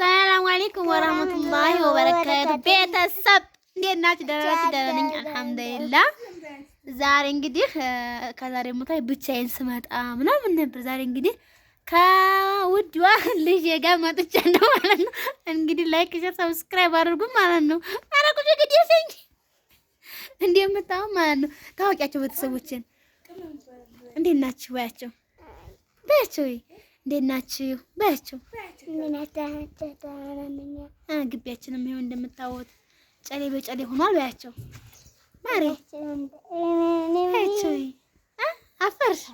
ሰላም አለይኩም ወራህመቱላሂ ወበረካቱ። ቤተሰብ እንዴት ናችሁ? ደህና ናችሁ? ደህና ነኝ አልሐምዱሊላህ። ዛሬ እንግዲህ ከዛሬ ሞታ ብቻዬን ስመጣ ምናምን ነበር። ዛሬ እንግዲህ ከውድዋ ልጅ ጋር መጥቻለሁ ማለት ነው። እንግዲህ ላይክ፣ ሼር፣ ሰብስክራይብ አድርጉ ማለት ነው። አረቁጭ ግድ ሰኝ እንደምታው ማለት ነው። ታወቂያቸው ቤተሰቦችን እንዴት ናችሁ? ባያቸው ባያቸው እንዴት ናችሁ በያቸው። ግቢያችንም ይኸው እንደምታወት ጨሌ በጨሌ ሆኗል በያቸው። ማሬ አፈርሽ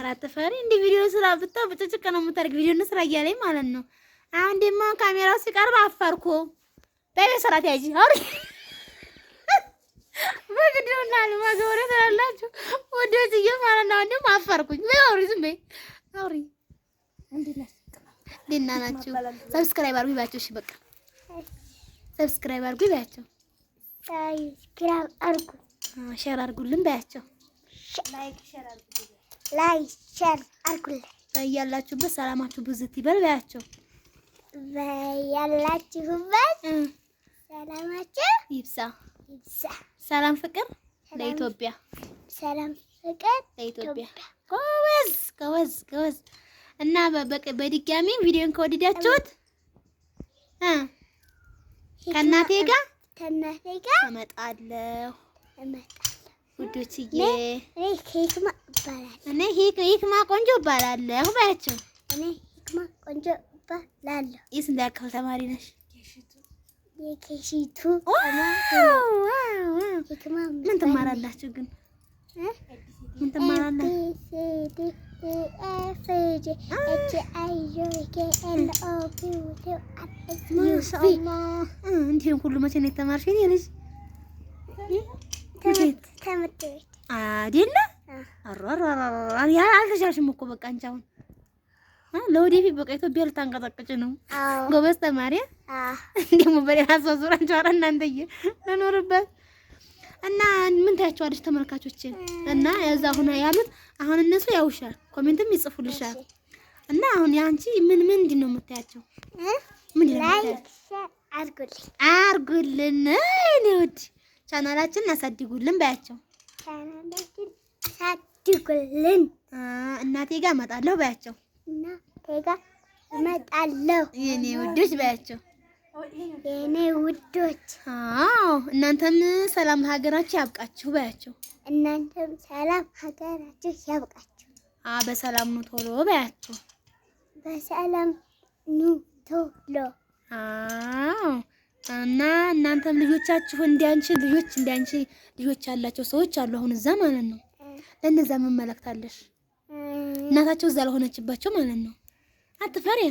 አራት ፈሪ እንዲህ ቪዲዮ ስራ ብታ በጨጭቀ ነው የምታደርግ ቪዲዮ እንስራ እያለኝ ማለት ነው። አሁን ደግሞ ካሜራው ሲቀርብ አፈርኩ በይ ሰራት ያጂ አውሪ በግድውና ልማገወረ ስላላችሁ ወደዚህ ማለት ነው። አሁን ደግሞ አፈርኩኝ በይ አውሪ ዝም በይ አውሪ እንዴት ናችሁ? ሰብስክራይብ አድርጉ ይባቸው። እሺ በቃ ሰብስክራይብ አድርጉ ይባቸው። ሰብስክራይብ አድርጉ፣ ሼር አድርጉልን ባያቸው። ላይክ ሼር አድርጉልን። በያላችሁበት ሰላማችሁ ብዙት ይበል ባያቸው። በያላችሁበት ሰላማችሁ ይብዛ። ሰላም ፍቅር ለኢትዮጵያ፣ ሰላም ፍቅር ለኢትዮጵያ። ጎበዝ ጎበዝ ጎበዝ እና በበቀ በድጋሚ ቪዲዮን ከወደዳችሁት እ ከእናቴ ጋር ከእናቴ ጋር እመጣለሁ ውዶችዬ። እኔ ሂክማ ቆንጆ እባላለሁ ባያችሁ። እኔ ሂክማ ቆንጆ እባላለሁ። ይህ ስንት ተማሪ ነሽ? የኬሺቱ ምን ትማራላችሁ ግን? ምን ትማራለህ? እንዲህም ሁሉ መቼ ነው የተማርሽ? እኔ ልጅ አይደለ? አልተሻልሽም እኮ በቃ አንቺ አሁን ለወደፊት በቃ ኢትዮጵያ ልታንቀጠቅጭ ነው። ጎበዝ ተማሪያ ደግሞ በሌላ ሰው ዙር አንቺ እናንተዬ ለኖርበት እና ምን ታያቸዋለች ተመልካቾች እና እዛ ሁና ያሉት አሁን እነሱ ያውሻል፣ ኮሜንትም ይጽፉልሻል። እና አሁን ያንቺ ምን ምን ነው የምታያቸው? ምንድን ነው የምታያቸው? አርጉልን እኔ ውድ ቻናላችንን አሳድጉልን ባያቸው፣ ቻናላችን እናቴ ጋር እመጣለሁ ባያቸው፣ እናቴ ጋር እመጣለሁ የኔ ውዶች ባያቸው የኔ ውዶች፣ አዎ እናንተም ሰላም ሀገራችሁ ያብቃችሁ በያቸው። እናንተም ሰላም ሀገራችሁ ያብቃችሁ። አ በሰላም ኑ ቶሎ በያቸው። በሰላም ኑ ቶሎ። አዎ እና እናንተም ልጆቻችሁ እንዲያንቺ ልጆች እንዲያንቺ ልጆች ያላቸው ሰዎች አሉ፣ አሁን እዛ ማለት ነው። ለእነዛ ምን መልእክት አለሽ? እናታቸው እዛ ለሆነችባቸው ማለት ነው። አትፈሪያ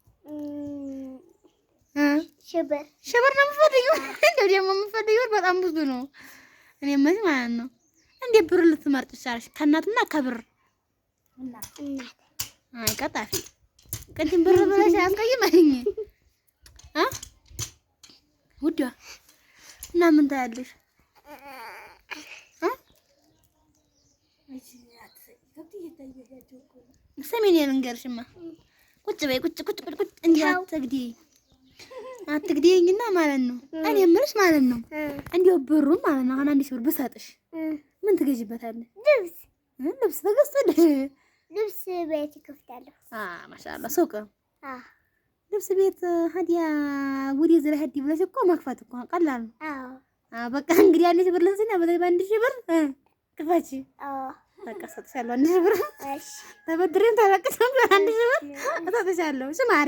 ሽብር ነው የምፈልጊው? እንደው ደግሞ የምፈልጊው በጣም ብዙ ነው። እኔ መች ማለት ነው እንዴ ብር ልትመርጥ ይቻላል? ከእናትና ከብር አይ ቀጣፊ ቅድም ብር ብለሽ አስቀይመኝ አ ውዷ እና ምን ታያለሽ? ሰሜን ልንገርሽማ ቁጭ በይ ቁጭ ቁጭ ቁጭ እንዲህ አትግደኝ አትግደኝና ማለት ነው። እኔ የምልሽ ማለት ነው እንዲያው ብሩን ማለት ነው አሁን አንድ ሺህ ብር ብሰጥሽ ምን ትገዥበታለሽ? ልብስ ልብስ ተገዝቶልሽ ልብስ ቤት እከፍታለሁ። ማሻአላ ሱቅ ልብስ ቤት ሀዲያ ጉዲ ዝራ ሀዲ ብለሽ እኮ መክፈት እኮ ቀላል ነው። በቃ እንግዲህ አንድ ሺህ ብር ልብስና በዛ በአንድ ሺህ ብር ክፈች በቃ እሰጥሻለሁ። አንድ ሺህ ብር ተበድሬም ተለቅሰም አንድ ሺህ ብር እሰጥሻለሁ። ስማሬ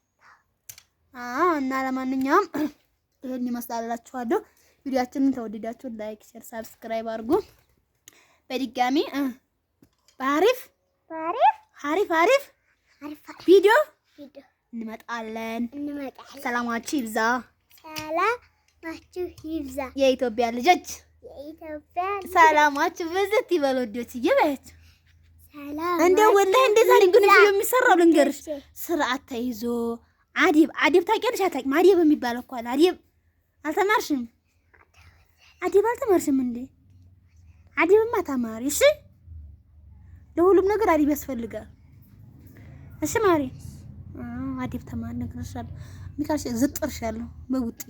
እና ለማንኛውም ይሄን ይመስላላችኋለሁ። ቪዲዮአችንን ተወደዳችሁ ላይክ፣ ሼር፣ ሰብስክራይብ አድርጉ። በድጋሚ በአሪፍ አሪፍ አሪፍ ቪዲዮ እንመጣለን። ሰላማችሁ ይብዛ፣ ሰላማችሁ ይብዛ። የኢትዮጵያ ልጆች ሰላማችሁ በዘት ይበል። ወዶች ይበል እንደ ወላሂ እንደ ዛሬ ግን የሚሰራው ልንገርሽ ስርዓት ተይዞ አዴብ አዴብ ታውቂያለሽ? አታውቂም? አዲብ የሚባለው እኮ አለ። አዲብ አልተማርሽም? አዴብ አልተማርሽም እንዴ? አዲብማ ተማሪ። እሺ፣ ለሁሉም ነገር አዴብ ያስፈልጋል። እሺ ማሪ፣ አዲብ ተማሪ። እነግርሻለሁ። ሚካሽ ዝጥርሻለሁ። በቡጢ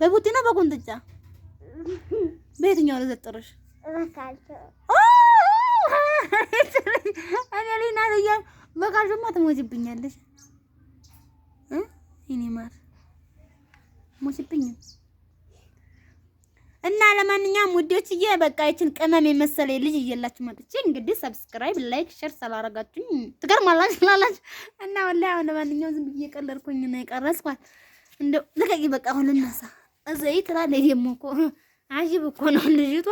በቡጢ ነው በቁንጥጫ በየትኛው ለዘጥርሽ? እኔ ልጅ ናት እያልኩ በቃልሽማ ትሞጂብኛለሽ። የኔ ማር ሞችብኝም እና ለማንኛውም ውዶችዬ በቃ ይችን ቅመም የመሰለ ልጅ እየላችሁ መጥቼ እንግዲህ ሰብስክራይብ፣ ላይክ፣ ሼር ስላደረጋችሁኝ ትገርማላችሁ ትላላችሁ። እና ወላሂ አሁን ለማንኛውም ዝም ብዬ ቀለድኩኝ ነው የቀረጽኳት እንደው ልቀቂ በቃ አሁን ልነሳ እዘይ ትላለች ደግሞ እኮ አጂብ እኮ ነው ልጅቷ።